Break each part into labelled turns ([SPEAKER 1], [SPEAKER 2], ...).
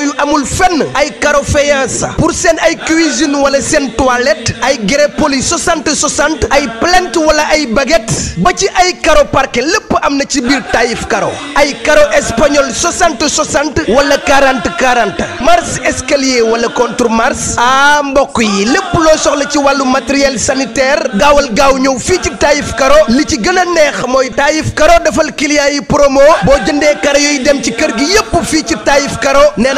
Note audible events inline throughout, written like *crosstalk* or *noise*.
[SPEAKER 1] yooyu amul fenn ay carreau faïence pour seen ay cuisine wala seen toilette ay grès poli 60 60 ay plinthe wala ay baguette ba ci ay carreau parquet lépp am na ci biir Taïf carreau ay carreau espagnol 60 60 wala 40 40 marche escalier wala contre marche ah mbokk yi lépp loo soxla ci wàllu matériel sanitaire gaawal gaaw ñëw fii ci Taïf carreau li ci gën a neex mooy Taïf carreau defal client yi promo boo jëndee carreau yooyu dem ci kër gi yépp fii ci Taïf carreau nee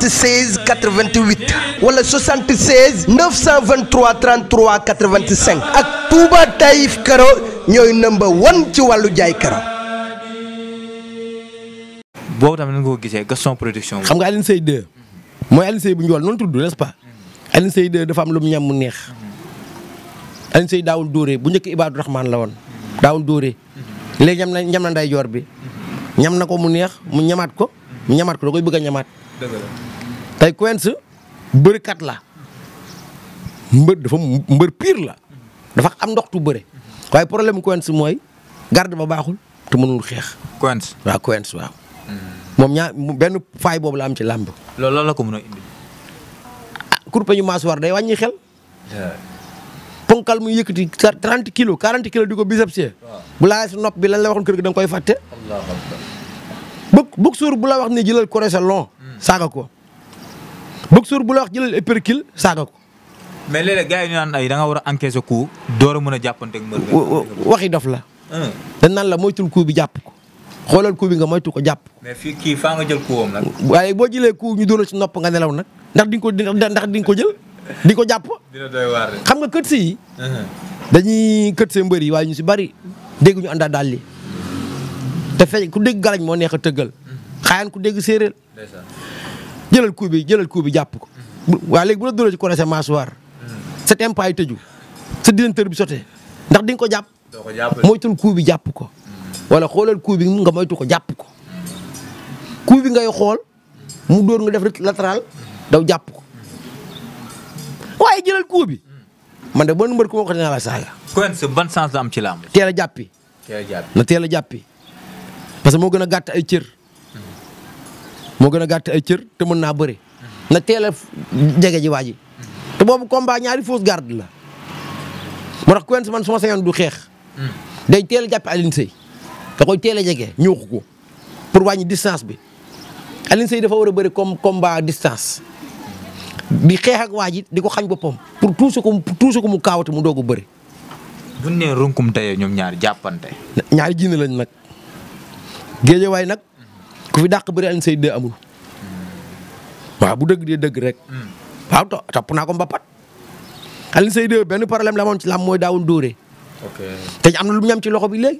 [SPEAKER 1] 76 88 wala 76 923 33 85 ak Touba Taïf Karo ñooy number ci wàllu jaay karo.
[SPEAKER 2] boobu tamit gisee Gaston production.
[SPEAKER 1] xam nga Alioune
[SPEAKER 3] Seye mooy Alioune Seye bu ñu wal noonu tudd n'est-ce pas Alioune Seye dafa am lu mu ñam mu neex Alioune Seye daawul dóoree bu njëkk Ibadou Rahman la woon daawul dóoree léegi ñam na ñam ndeyjoor bi ñam na ko mu neex mu ñamaat ko mu ñamaat ko da koy bëgg a ñamaat. tay tey Quench kat la mbeur dafa mbeur pire la dafa am ndox tu bëre waaye problème Quench moy garde ba baxul te mënul xex Quench wa Quench wa mom ñaa ben fay bobu la am ci lamb
[SPEAKER 2] loolu loolu la ko mëno indi.
[SPEAKER 3] ah kurpe ñu war day wañi xel. ponkal mu yëkkati 30 kilos 40 kilos diko biceps bicepsé. Ya. bu la ci nop bi lan la waxon kër gi dang koy fatte
[SPEAKER 2] koy akbar
[SPEAKER 3] buk buk sur bu la wax ni jëlal corée hmm. saga ko. boxeur bu la wax jëlal perkil saaga ko.
[SPEAKER 2] mais léeg-léeg gars yi ñu naan ay da war a encaisser door a mën a jàppanteeg mbër
[SPEAKER 3] waxi dof la. dañ naan la moytul coup bi jàpp ko xoolal coup bi nga moytu ko jàpp.
[SPEAKER 2] fii kii faa nga jël coupam nag. waaye
[SPEAKER 3] boo jëlee coup ñu doon ci nopp nga nelaw nag ndax di nga ko ndax di nga ko jël di ko jàpp.
[SPEAKER 2] dina xam
[SPEAKER 3] nga kët si. dañuy kët see mbër yi waaye ñu si bari dégg ñu àndaa daal li te fekk ku dégg galañ moo neex a tëggal xaayaan ku dégg séeréer jëlal coup bi jëlal coup bi jàpp ko. waaw léegi bu la dóoree ci cornet sa mâchoire. sa bi sotee ndax di ko jàpp. doo ko jàpp moytul bi jàpp ko. wala xoolal coup bi nga moytu ko jàpp ko. coup bi ngay xool mu dóor nga def latéral daw jàpp ko waaye jëlal coup bi. man de bon mbër ku ma ko dinaa la saaga. la teel a jàppi. teel a na teel a jàppi parce que moo gën a gàtt ay cër. moo gën a gàtt ay cër te mën naa bëre na teel a jege ji waa te boobu combat ñaari fausse garde la moo tax Quench man su du xeex day teel jàpp Alioune Seye da jege ñuuxu ko pour distance bi dafa war a bëri comme combat distance di xeex ak waa ji di ko xañ boppam pour tuuse ko pour tuuse ko mu kaawate mu doog a bëri.
[SPEAKER 2] buñ runkum tey ñoom ñaar jàppante.
[SPEAKER 3] ñaari jinne lañ nag géejewaay nag. ku fi dak bari Alioune Seye 2 amul wa bu deug dee deug rek wa to top na ko mbapat Alioune Seye 2 benn problème la mom ci lam moy daawul dóore ok tay amna lu ñam ci loxo bi leg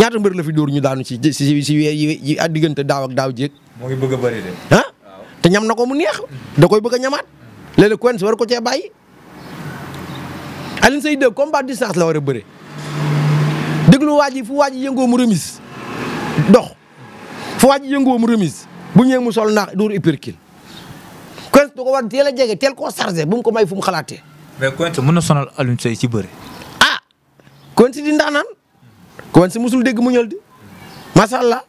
[SPEAKER 3] ñaata mbeur la fi dóor ñu daanu ci ci ci yi ad diggante daaw ak daaw jek mo ngi bëgg bari de. ha te ñam nako mu neex da koy bëgg ñamaat léeg-léeg Quench war ko ci bayyi alin Seye 2 combat distance la wara bëre deglu waji fu waji yengo mu remise dox fo waji yëngoo mu remise bu ñe mu sol naax dóor uppercut Quench du ko war teel a jege teel koo chargé bu mu ko may fu mu xalaté mais Quench mën na sonal Alioune sey ci bëri. ah Quench di ndaanaan Quench musul dégg mu ñël di macha allah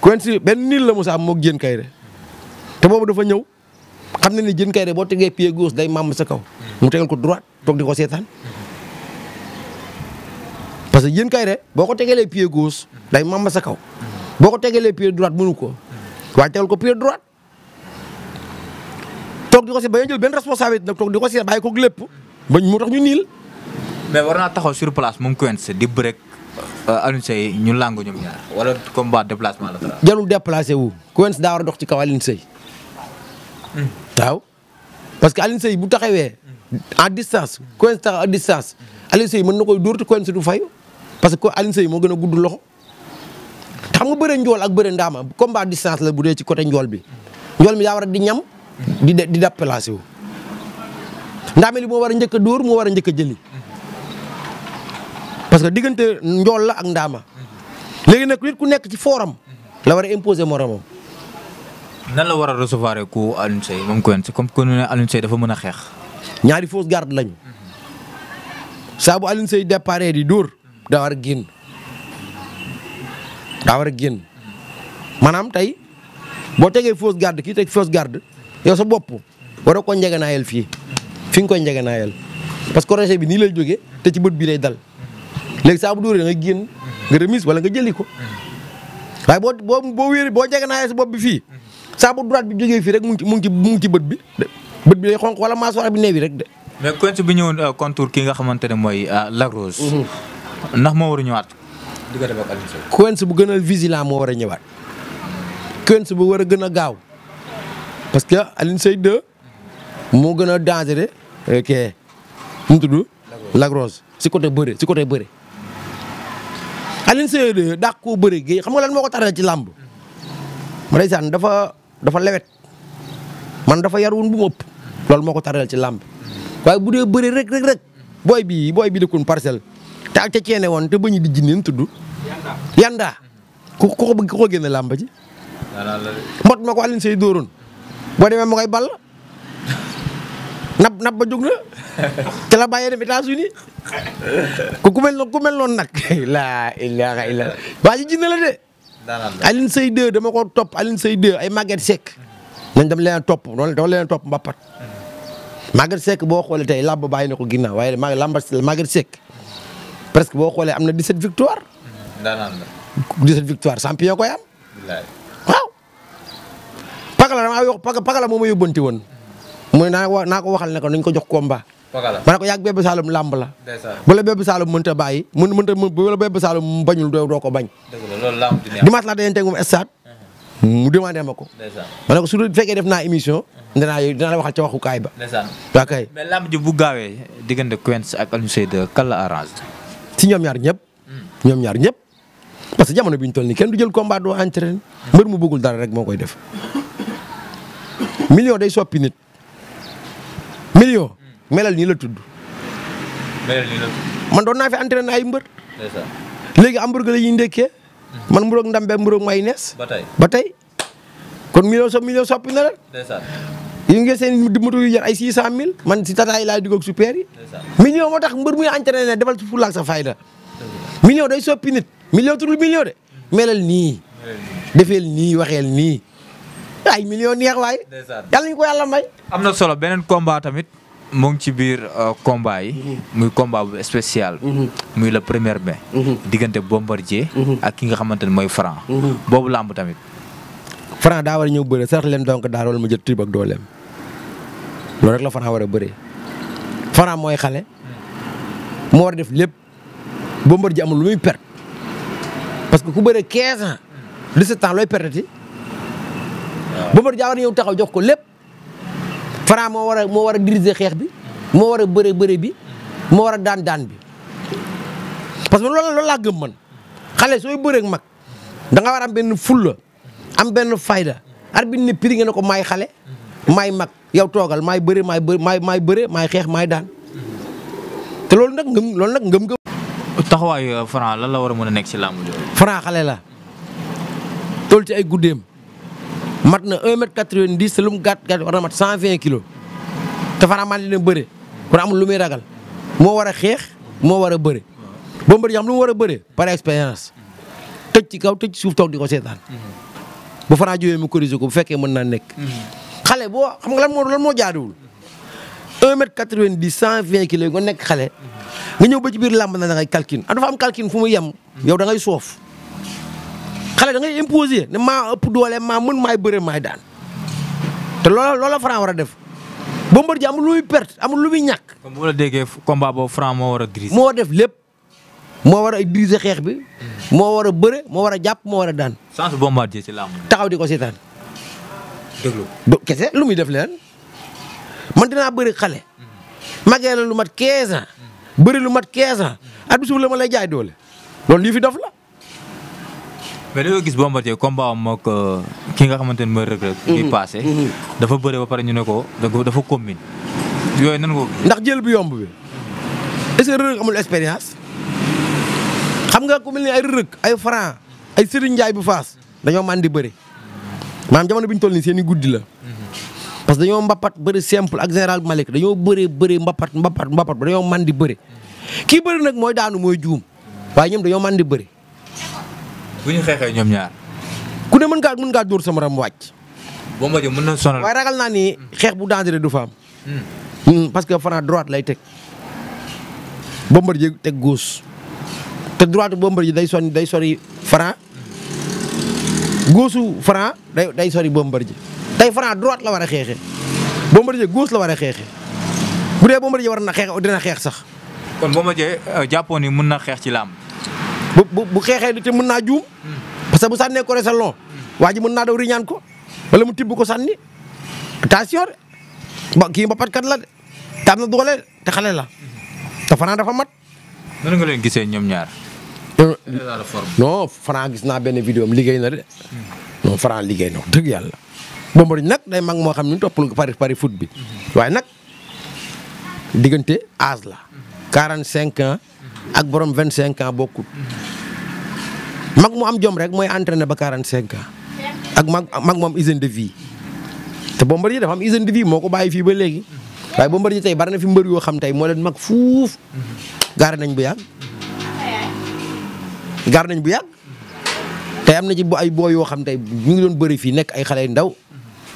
[SPEAKER 3] Quench benn niil la Moussa moog Diène Kairé te bobu dafa ñëw xamna ni Diène Kairé bo tégué pied gauche day mam sa kaw mu tégal ko droite tok di ko parce que Diène Kairé boko ko pied gauche day mam sa kaw boko ko le pied droite mënu ko waaye tegal ko pied droite tok diko ci bayen ba jël benn responsabilité nak tok diko ci si ko lepp bañ mu tax ñu nil
[SPEAKER 2] mais warna taxaw sur place moom Quench di break euh, Alioune Seye ñu langu ñom ñaar wala combat déplacement la.
[SPEAKER 3] jarul déplacer wu Quench da war dox ci kaw Alioune Seye hmm. waaw parce que Alioune sey bu taxawé à distance Quench ta à distance Alioune sey mën nakoy dur ci te ci du fay parce que Alioune sey mo gëna a gudd loxo. xam nga bëre njool ak bëre ndaama combat distance la bu dee ci côté njool bi njool mi daa war a di ñam di di dab placé wu ndaame li moo war a njëkk a dóor moo war a njëkk a jëli parce que diggante njool la ak ndaama léegi nag nit ku nekk ci forum la war a imposer moromam.
[SPEAKER 2] nan la war a recevoir ku Alioune Seye moom ko si comme ku ne Alioune Seye dafa mën a xeex. ñaari fausse garde lañu
[SPEAKER 3] saa bu Alioune Seye di dóor daa war a génn. daa war manam génn maanaam tey boo fausse garde ki teg fausse garde yow sa bopp waroo ko njeganaayal fi fi ngi ko njeganaayal parce que rocher bi ni lay joge te ci beut bi lay dal leg sa bu dóoree nga génn nga remise wala nga jëli ko waaye bo bo boo wéeree boo njeganaayal sa bop bi fi sa bu droite bi joge fi rek mu ngi mu ngi mu ngi bi beut bi lay xonk wala mâchoire bi newi rek de.
[SPEAKER 2] mais cointre bi ñewon euh, contour ki nga xamantene moy euh, la Rose. Mhm. ndax mo war a
[SPEAKER 3] di bu gën a vigilant moo war a ñëwaat Quench bu war a gën a gaaw parce que Alioune Seye 2 moo gën a dangereux kee nu mu tudd. Lagrosse si côté bëre si côté bëre. Alioune Seye 2 dàq koo bëre géey xam nga lan moo ko taree ci làmb. ma ndeysaan dafa dafa lewet man dafa yar woon bu mu ëpp loolu moo ko tareel ci làmb waaye bu dee bëre rek rek rek booy bii booy bii dëkkoon parcelle. te ak ca ceene woon te ba ñu dijji neen tudd. yandaa ku ko bëgg ku ko génne làmb ji. mot ma ko Alioune Seye dóoroon boo demee ma koy ball nab ba jóg na te la bàyyee dem États-Unis ku ku mel noonu ku mel noonu nag laa *laughs* ilaaha illa waa ji jinne la de. Alioune Seye dama ko topp Alioune Seye 2 ay Maguette Seck nañ dem leen topp noonu dama leen topp Mbapat hmm. Maguette Seck boo xoolee tey làmb bàyyi na ko ginnaaw waaye Maguette Seck presque boo xoolee am na 17 victoire. daanaka. 17 victoires champion ko am. waaw. pagala dama yokk pagala pagala ma yóbbanti won moy na naa ko waxal ne ko nañ ko jox combat. pagala ma ne ko yàgg Bébé Saloum làmb la. bu la bebe salum munta bayyi mun munta bu la Bébé Saloum bañul doo doo ko bañ. dëgg la loolu làmb di neex dimanche laa mhm. mu demandé mako ko. ma ko su fekkee def na émission. dina dina waxal ci waxu kay ba. ndeysaan. waa kay.
[SPEAKER 2] mais lamb ji bu gawé diggante Quench ak Alioune seyde kala arrange
[SPEAKER 3] ci ñom ñaar ñep ñom ñaar ñep parce que jamono bi tolni kenn du jël combat do entraîné mbër mu bëggul dara rek mo koy def million day soppi nit million. melal ni la tudd. melal ni la tudd. man do na fi entraîné ay mbër. léegi hamburger la yi ndekkee. man mburok ndambe mburok mayness batay batay kon million so million soppi na la. c'est yi nga seen moto yu jar ay 600000 man ci tataay laay dugg ak super yi. million moo tax mbër muy entraîné defal su fulaak sa fayda. million day soppi nit million tuddul million de. melal ni defel ni waxel ni ay million neex way
[SPEAKER 2] yàlla ñu ko yalla may. amna solo benen combat tamit. mo ngi ci bir euh, combat yi. Mhm. muy combat bu spécial. Mhm. muy le premier mai. Mhm. diggante bombardier. ak ki nga xamantene moy franc.
[SPEAKER 3] bobu lamb tamit. Franc da wara a beure sax sarax leen donc da wala mu jël trip ak dolem lo rek la Franc war a bëree Franc moy xalé mo wara def lepp bo mbeur ji amul lu muy perte parce que ku beure 15 ans ce temps loy perte ti bo mbeur ji wara ñëw taxaw jox ko lepp Franc mo wara mo wara diriger xex bi mo wara beure beure bi mo wara dan dan bi parce que loolu loolu laa gëm man xalé soy beure ak mak da nga wara am ben fulla am benn fayda arbitre ne prix nga ne ko may xale may mag yow toogal may bëre maay bë maay maay bëre may xeex may daan te loolu nag ngëm loolu nag ngëm ngëm taxawaayu
[SPEAKER 2] euh, Franc lan la war a mën a nekk ci làmb
[SPEAKER 3] jooju la tool ci ay guddeem mat na 1 mètre 90 te lu mu gàtt gàtt war na mat 120 kilos te Franc maa dina bëre kon amul lu muy ragal moo war a xeex moo war a bëre Bombardier xam lu mu war a bëre par expérience tëj ci kaw tëj ci suuf di ko seetaan mm-hmm. bu Franc jógee mu corriger ko bu fekke mën na nek mm-hmm. xale bo xam nga lan mo lan mètre quatre 1 m 90 120 kilos nga nek xale. nga ñew ba ci bir lamb na da ngay calcul andu ah fa am calcul fu mu yam yow da ngay soof. xale da ngay ne ma, ëpp doole ma mën may bëre may daan te Franc wara a def. Bombardier amul perte amul ñak comme bu la combat Franc mo def mo wara a diriger xeex bi mo wara a mo wara japp mo wara dan
[SPEAKER 2] sans bombardier ci lamb
[SPEAKER 3] taxaw di ko seetaan. do kese lu muy def leen man dina bëri xalé magee la lu mat 15 ans. bëri lu mat 15 ans. at bi la ma lay jaay dole lolou li fi def la.
[SPEAKER 2] mais dañoo gis Bombardier combat am ak euh, ki nga xamantene mo regret Reug bi mhm. passé. Mhm. dafa bëre ba paré ñu ne dafa commune yoy nan ko. ndax jël bu yomb bi
[SPEAKER 3] est-ce amul expérience xam nga ku melni ay reuk ay franc ay Serigne Ndiaye bu fas dañu man di bëri maanaam jamono buñ tolni seni goudi la. parce dañu mbapat bëri simple ak general malik dañu bëree bëri mbapat mbapat mbapat dañu man di bëri kii bëri nag mooy daanu moy juum way ñom dañu man di bëri. bu ñu xeexee ñaar. ku ne mën nga mën nga dóor sama ram wacc bo ma Bombardier mën na sonal. way ragal na ni xex bu dangereux du fam am. Hmm. Hmm, parce que Franc droite lay tek Bombardier tek gauche te droite Bombardier day sori day sori Franc gosu Franc day day sori Bombardier tay Franc droit la wara xexé xeexee Bombardier gos la wara xexé bude bu dee Bombardier war na xex dina xex sax. kon Bombardier japon euh, ni mën na xeex ci lamb bu bu xexé du ci mën naa parce que bu sané ko resal long waji mën daw riñan ko wala mu tibbu ko sànni attention ki ba pat kat la tamna dole te xalé la te Franc dafa mat.
[SPEAKER 2] nan nga len gisee ñom ñaar.
[SPEAKER 3] non Franc gis naa benn vidéo am liggéey na de. non Franc liggéey na wax dëgg yàlla. Bombardier nag day mag moo xam ne ñu toppal pari pari foot bi waaye nag diggante âge la. 45 ans ak borom 25 ans bokkut. mag mu am jom rek mooy entraîné ba 45 ans ak mag mag mu am hygiène de vie te Bombardier dafa am hygiène de vie moo ko bàyyi fii ba léegi waaye Bombardier tey bari na fi mbër yoo xam tey moo leen mag fuuf gaare nañ bu yàgg. gar nañ bu yàgg tey am na ci ay boo yoo xam tey ñu ngi doon bëri fii nekk ay xale yu ndaw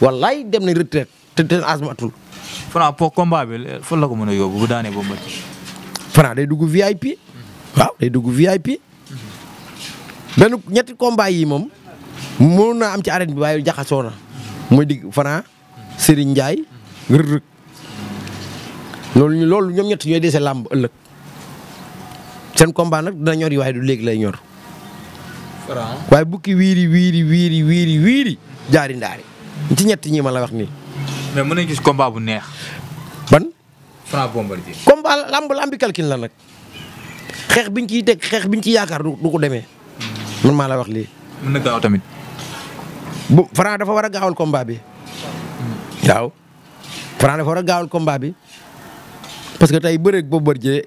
[SPEAKER 3] wallaay dem na retraite te te asma atul. Franc pour combat bi la ko mën a yóbbu bu daanee Bombardier. Franc day dugg VIP. waaw day dugg VIP. benn ñetti combat yi moom mënoon naa am ci arène bi waaye jaxasoo na mooy digg Franc sëriñ Ndiaye Reug Reug loolu ñu ñoom ñett ñooy dese làmb ëllëg. seen combat nag dina ñor yi waaye du léegi lay ñor. waaye bukki wiiri wiiri wiiri wiiri jaari ndaari ci ñetti ñi ma la wax nii. mais mën nañu gis combat bu neex. ban. Franc Bombardier. combat la nag xeex biñ ciy teg xeex biñ ci yaakaar du ko demee. man maa la wax lii. tamit. bu dafa war a gaawal combat bi. waaw Franc dafa gaawal combat bi parce que tey bëreeg Bombardier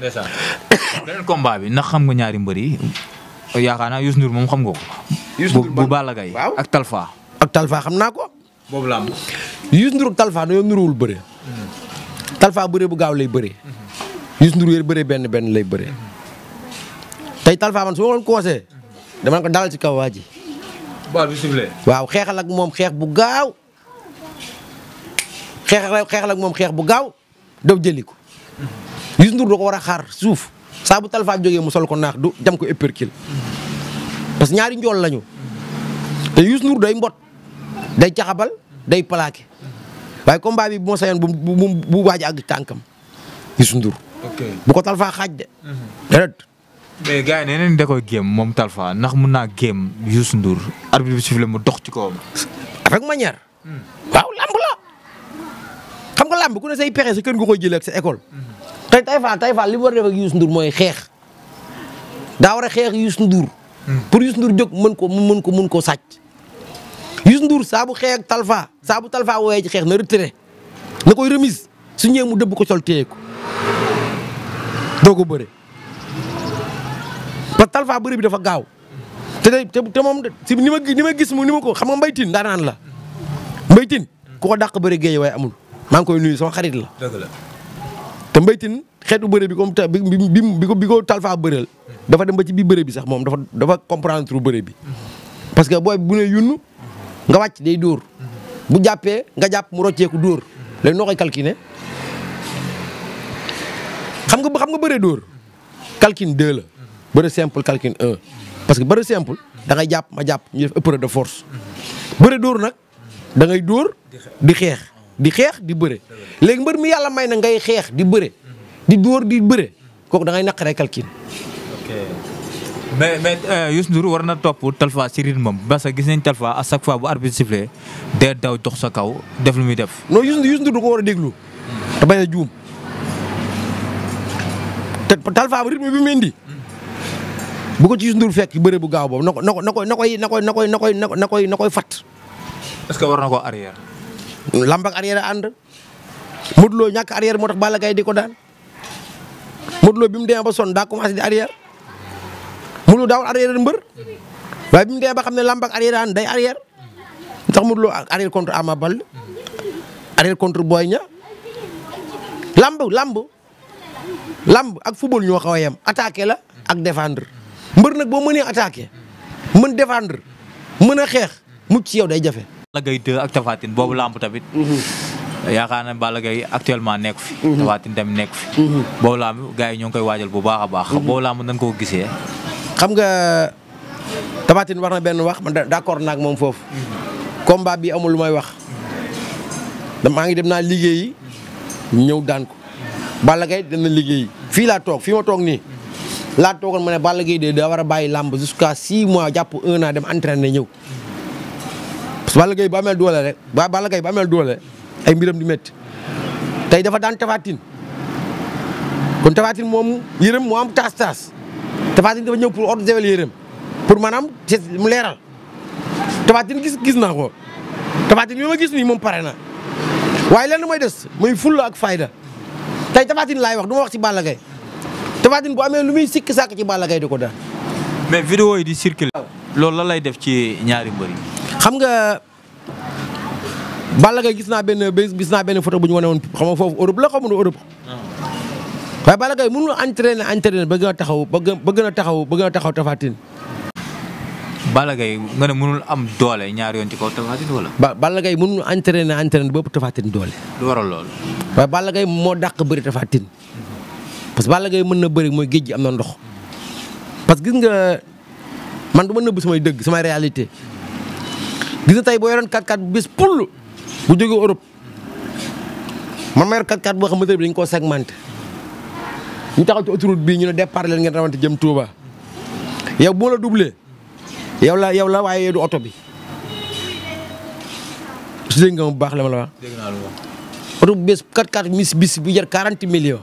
[SPEAKER 2] ndeysaan beneen combat bi ndax xam nga ñaari mbër yi yaakaar naa Youssou Ndour xam
[SPEAKER 3] nga ko. bu Balla ak Talfa. ak Talfa xam naa ko. boobu laa am. Youssou Ndour ak Talfa dañoo nuruwul bëre. Mm-hmm. Talfa bu gaaw lay bëre. Mm-hmm. Youssou Ndour yéen bëre benn benn lay bëre. Mm-hmm. tey Talfa man su ma doon conseillé. dama waa ji. baal moom xeex bu gaaw. xeexal xeexal ak moom xeex bu gaaw daw jëli ko. Youssou Ndour da ko war a xaar suuf saa bu Talfa jógee mu sol ko naax du jam ko épercule parce que ñaari njool lañu te Youssou Ndour day mbot day caxabal day plaqué waaye combat bi bu ma sañoon bu bu bu waaj àgg tànkam Youssou bu ko Talfa xaaj de.
[SPEAKER 1] Mhm.
[SPEAKER 2] déedéet. mais gars yi nee nañ da koy géem ndax mun naa géem Youssou Ndour arbitre bi sifflé mu dox ci kawam.
[SPEAKER 3] avec manière. Hmm. waaw lamb la xam nga lamb ku ne say sa kër nga koy jëlee fa tay fa li war def ak Youssou Ndour moy xex da wara xex xeex Youssou Ndour. Hmm. pour Youssou Ndour jog mën ko mën ko mën ko sacc Youssou Ndour sa bu xex Talfa sa bu Talfa woy ci xex na retiré na koy remise su ñëwee mu dëbb ko sol téye ko dogu ko bëre Talfa bëre bi dafa gaaw te te moom si nima gis mu nima ko xam nga Mbaye Tine daan naan la Mbaye ku ko dàq bëre geey way amul mang koy nuyu sama xarit la. te mbaytin xeetu bëre bi comme bi bi bi ko bi ko talfa bëreel dafa dem ba ci biir bëre bi sax moom dafa dafa comprendre trop bëre bi parce que booy bu ne yunn nga wàcc day dóor bu jàppee nga jàpp mu rocceeku dóor léegi noo koy calculer xam nga xam nga bëre dóor calcul 2 la bëre simple calcul 1 parce que bëre simple da ngay jàpp ma jàpp ñu def épreuve de force bëre dóor nag da ngay dóor di xeex di xex di beure leg mbeur mi yalla may na ngay xex di beure di door di beure kok da ngay rekal kalkin
[SPEAKER 2] mais mais euh, Youssou Ndour war na topp Talfa si rythme am parce que gis nañ Talfa à chaque fois bu arbitre sifflé dé daw dox sa kaw def lu mi def.
[SPEAKER 3] non Youssou Youssou Ndour ko war a déglu. da bañ a Talfa bu rythme bi mendi bu ko ci Youssou Ndour fekk beure bu gaaw bob nako nako nako nako nako nako nako fat.
[SPEAKER 2] est-ce que war ko arrière.
[SPEAKER 3] lamb ak arrière ànd Modou Lo ñàkk arrière moo tax Balla Gaye di ko daan Modou Lo bi mu demee ba son daa commencé di arrière Modou Lo daawul arrière mbër waaye bi mu demee ba xam ne lamb ak arrière ànd day arrière tax Modou Lo arrière contre Ama Baldé arrière contre Boy Niang lamb lamb lamb ak football ñoo xaw a la ak défendre mbër nag boo mënee attaqué mën défendre mën a xeex mucc ci yow day jafe.
[SPEAKER 2] Balla Gaye 2 ak Tapha boobu lamb tamit. Mm-hmm. yaakaar naa Balla Gaye actuellement nekk fi. Mm-hmm. Tapha Tine tamit nekk fi. Mm-hmm. boobu lamb gars yi ñoo ngi koy waajal bu baax a baax. boobu lamb nan ko gisee.
[SPEAKER 3] xam nga Tapha war na benn wax man d'accord naag moom foofu. combat bi amul lu may wax. maa ngi dem naa liggéey ñëw daan ko. Balla Gaye na liggéey fii laa toog fii ma toog nii. laa toogoon ma ne Balla Gaye de daa war a bàyyi lamb jusqu'à 6 mois jàpp 1 naa dem entraîner ñëw. parce que Balla Gaye bu amee doole rek ba Balla Gaye bu amee doole ay mbiram di métti tey dafa daan tafatin kon tafatin moom yërëm moo am taas taas tafatin dafa ñëw pour ordre javel yërëm pour maanaam mu leeral tafatin gis gis naa ko tafatin bi ma gis nii moom pare na waaye lenn mooy des muy fulla ak fayda tey tafatin laay wax du ma wax ci Balla Gaye tafatin bu amee lu muy sikki sàkk ci Balla Gaye di ko daan
[SPEAKER 2] mais vidéo yi di circuler loolu la lay def ci ñaari mbër yi
[SPEAKER 3] xam nga Balla gay gis na ben gis na ben photo buñu ñu wane xam nga fofu Europe la xam nga Europe.
[SPEAKER 2] Ah.
[SPEAKER 3] way Balla gay mënu entraîner entraîner bëgg na taxaw bëgg na taxaw bëgg na taxaw tafatine
[SPEAKER 2] Balla gay nga ne mënul am doole ñaar yoon ci kaw tafatine wala.
[SPEAKER 3] Balla gay mënu entraîner entraîner bëpp tafatine doole. lu waral lool way Balla gay mo dakk bëri tafatine parce que Balla gay mëna na bëri mooy géej am na ndox parce que gis nga man duma neub sama deug sama réalité. gis nga tey boo yoroon 4 x bu bis pull bu jógee Europe man ma yor 4x4 boo xam bi dañ ko segmenté ñu taxaw ci autoroute bii ñu ne départ leen ngeen rawante jëm Touba yow boo la doublé yow la yow la waaye du oto bi su dégg nga bu baax la ma la wax. dégg naa lu wax bu bees 4x4 mis bis bu jar 40 millions.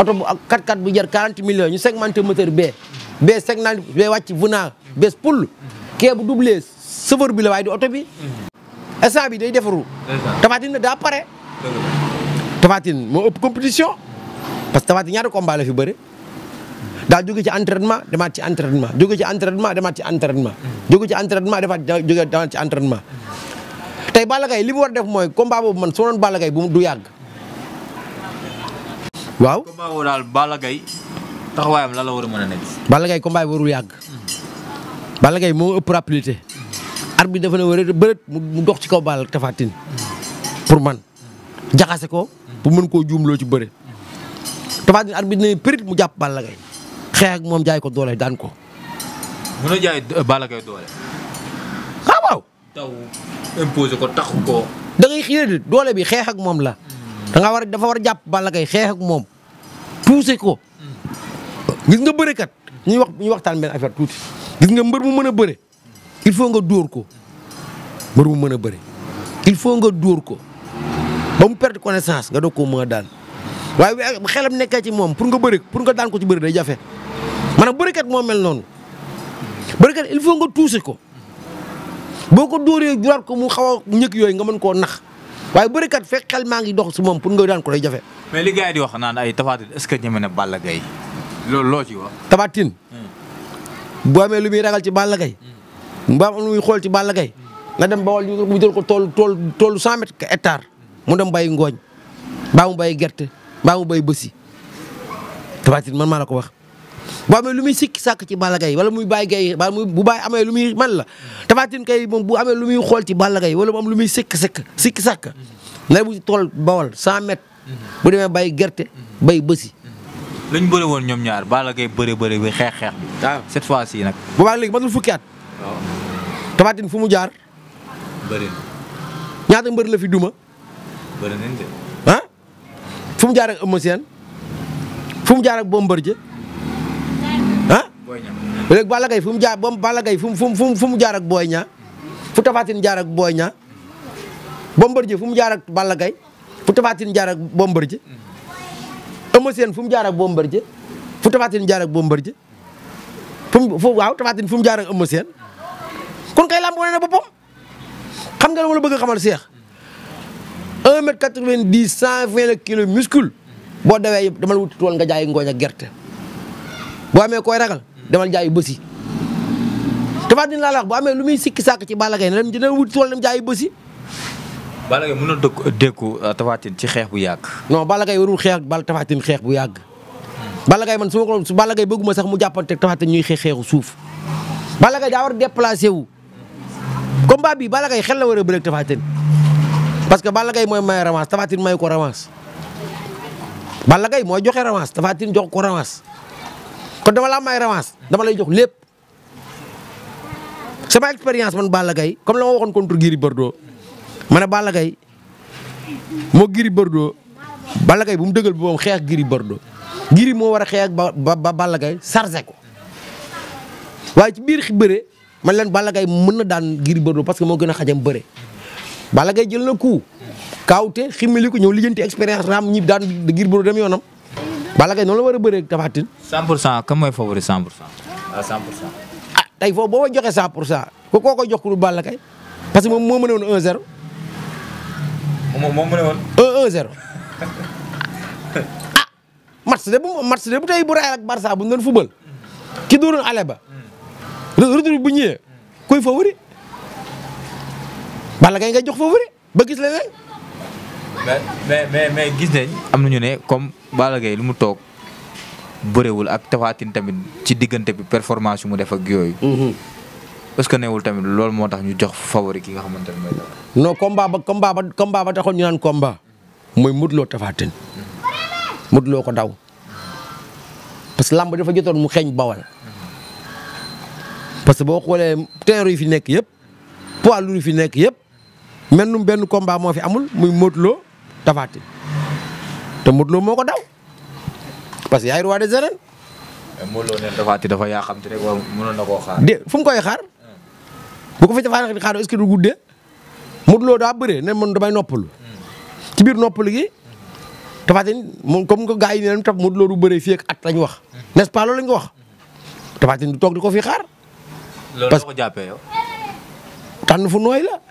[SPEAKER 3] oto bu ak 4x4 bu jar 40 millions ñu segmenté moteur bee bee segmenté bee wàcc vuna bees pull kee bu doublé. chauffeur bi la waaye du oto bi. Mm-hmm. day defaru Tapha Tine daa pare. Tapha Tine moo ëpp compétition parce que Tapha Tine ñaata combat la fi bëri daa jóge ci entraînement demaat ci entraînement jóge ci entraînement demaat ci entraînement. Mm-hmm. jóge ci entraînement demaat jóge demaat ci entraînement. Mm-hmm. tey Balla li mu war def mooy combat boobu man soo doon du yàgg waaw. combat
[SPEAKER 2] boobu daal a mën a nekk.
[SPEAKER 3] Balla Gaye combat bi arbitre bi dafa ne wërë bërët mu dox ci kaw Balla ak Tapha Tine pour man jaxase ko pour mën koo juumloo ci bëre Tapha Tine arbitre bi ne périt mu jàpp Balla Gaye xeex ak moom jaay ko doole daan ko.
[SPEAKER 2] mën a jaay euh, Balla Gaye doole. ah waaw. ko tax ko.
[SPEAKER 3] da ngay doole bi xeex ak moom la. da nga war dafa war a jàpp Balla gay xeex ak moom tuuse ko. gis nga bërekat ñuy wax ñuy waxtaan benn affaire tuuti gis nga mbër mu mën a bëre. il faut nga dóor ko mu mën a bëri il faut nga dóor ko ba mu perdre connaissance nga doog ko mën a daan waaye xelam nekkee ci moom pour nga bëri pour nga daan ko ci bëri day jafe maanaam bërikat moo mel noonu bërikat il faut nga tuuse ko boo ko dóoree juraat ko mu xaw a ñëkk yooyu nga mën koo nax waaye bërikat fekk xel maa ngi dox si moom pour nga daan ko day jafe.
[SPEAKER 2] mais li gars yi di wax naan ay Tapha Tine est-ce que ñeme loolu loo ci wax.
[SPEAKER 3] Tapha Tine. Hmm. lu muy ragal ci Balla Gaye hmm. mbaam am muy xool ci Balla Gaye na dem bawal mu jël ko tool tool toolu cent mètres hectare mu dem bàyyi ngooñ mbaa mu bàyyi gerte mbaa mu bàyyi bësi tabatit man maa la ko wax boo amee lu muy sikki sàkk ci Balla Gaye wala muy bàyyi gay wala muy bu bàyyi amee lu muy man la tabatin kay moom bu amee lu muy xool ci Balla Gaye wala mu am lu muy sikk sikk sikki sàkk na bu tool bawal cent mètres bu demee bàyyi gerte bàyyi bësi
[SPEAKER 2] lañ bëri woon ñoom ñaar Balla Gaye bëri bëri bi xeex xeex bi. waaw cette fois ci nag.
[SPEAKER 3] bu baax léegi matul fukki at. Tapha Tine fu mu jaar. bëri na. ñaata mbër la fi duma. bëri nañ de. ah fu mu jaar ak Eumeu Sène fu mu jaar ak Bombardier ah. Boy Niang léegi Balla Gaye fu mu jaar bom Balla Gaye fu mu fu mu jaar ak Boy Niang fu Tapha Tine jaar ak Boy Niang Bombardier fu mu jaar ak Balla Gaye fu Tapha Tine jaar ak Bombardier Eumeu Sène fu mu jaar ak Bombardier fu Tapha Tine jaar ak Bombardier fu mu waaw Tapha Tine fu mu jaar ak Eumeu Sène kon kay làmb wane na boppam xam nga la ma la bëgg a xamal seex 1 mètre la kilo muscule boo dawee yëpp dama la wuti tool nga jaay ngooñ ak gerte boo amee koy ragal demal jaayi bësi Tapha Tine laa la wax boo amee lu muy sikki sàkk ci Balla Gaye dem dina wuti tool dem jaayi bësi Balla
[SPEAKER 2] Gaye mën na dëkk dékku euh, Tapha Tine ci xeex bu yàgg
[SPEAKER 3] non Balla Gaye warul xeex bal Tapha Tine xeex bu yàgg Balla Gaye man su ma ko Balla Gaye bëgguma sax mu jàppante Tapha ñuy xeex xeexu suuf Balla Gaye daa war déplacé wu baa bi bala Gaye xel la war a bëreeg parce que Balla Gaye mooy may revanche Tapha may ko revanche Balla Gaye mooy joxe revanche Tapha Tine jox ko revanche kon dama laa may revanche dama lay jox lépp sama expérience man bala Gaye comme la ma waxoon contre Giri bordo ma ne Balla Gaye moo Giri Bordeaux Balla Gaye bu mu dëggal boppam xeex Giri Bordeaux Giri moo war a xeex ak ba ba ko ci biir bëre. man leen Balla Gaye mën na daan Gris Bordeaux parce que moo gën a xajam bëre Balla Gaye jël na coup kaawte ximmili ko ñëw lijjanti expérience raam ñi daan Gris Bordeaux dem yoonam Balla Gaye noonu la war a bëree Tapha Tine 100
[SPEAKER 2] pour cent kan mooy favori 100 pour cent
[SPEAKER 3] ah 100 pour cent ah tey foofu boo ma joxee 100 pour cent ko koo ko jox ku Balla Gaye parce que moom moo mëne woon 1-0 moom moo mëne woon 1-1-0 ah match de bu match de bu tey bu Real ak Barça bu ñu doon fubal ki dóoroon ale ba retour bu ñëwee koy favori Balla Gaye jox favori ba gis leneen.
[SPEAKER 2] mais mais gis nañ am nañu ne comme Balla Gaye lu mu toog bëriwul ak Tapha tamit ci diggante bi performance mu def ak yooyu. Mhm.
[SPEAKER 3] est que newul tamit loolu moo tax ñu jox favori ki nga xamante ne mooy. non combat ba combat ñu naan combat mooy Modou Lo ko daw parce que làmb dafa jotoon mu xeeñ bawal. parce que boo xoolee ténor yi fi nekk yëpp poids lourd yi fi nekk yëpp mel num benn combat moo fi amul muy Modou Lo Tapha Tine te Modou moo ko daw parce que yaay roi des arènes.
[SPEAKER 2] Modou yaa xam te rek mënoon na koo xaar. de koy
[SPEAKER 3] xaar bu ko fa Tapha Tine xaar est-ce que du guddee Modou Lo daa bëree ne man damay noppalu ci biir noppalu gi. Tapha Tine moom comme yi ne leen taf Modou du bëree fii ak at lañ wax n'est-ce pas loolu lañ ko wax Tapha Tine toog ko fi xaar.
[SPEAKER 2] loolu ko jàppee yow.
[SPEAKER 3] tànn fu nooy la.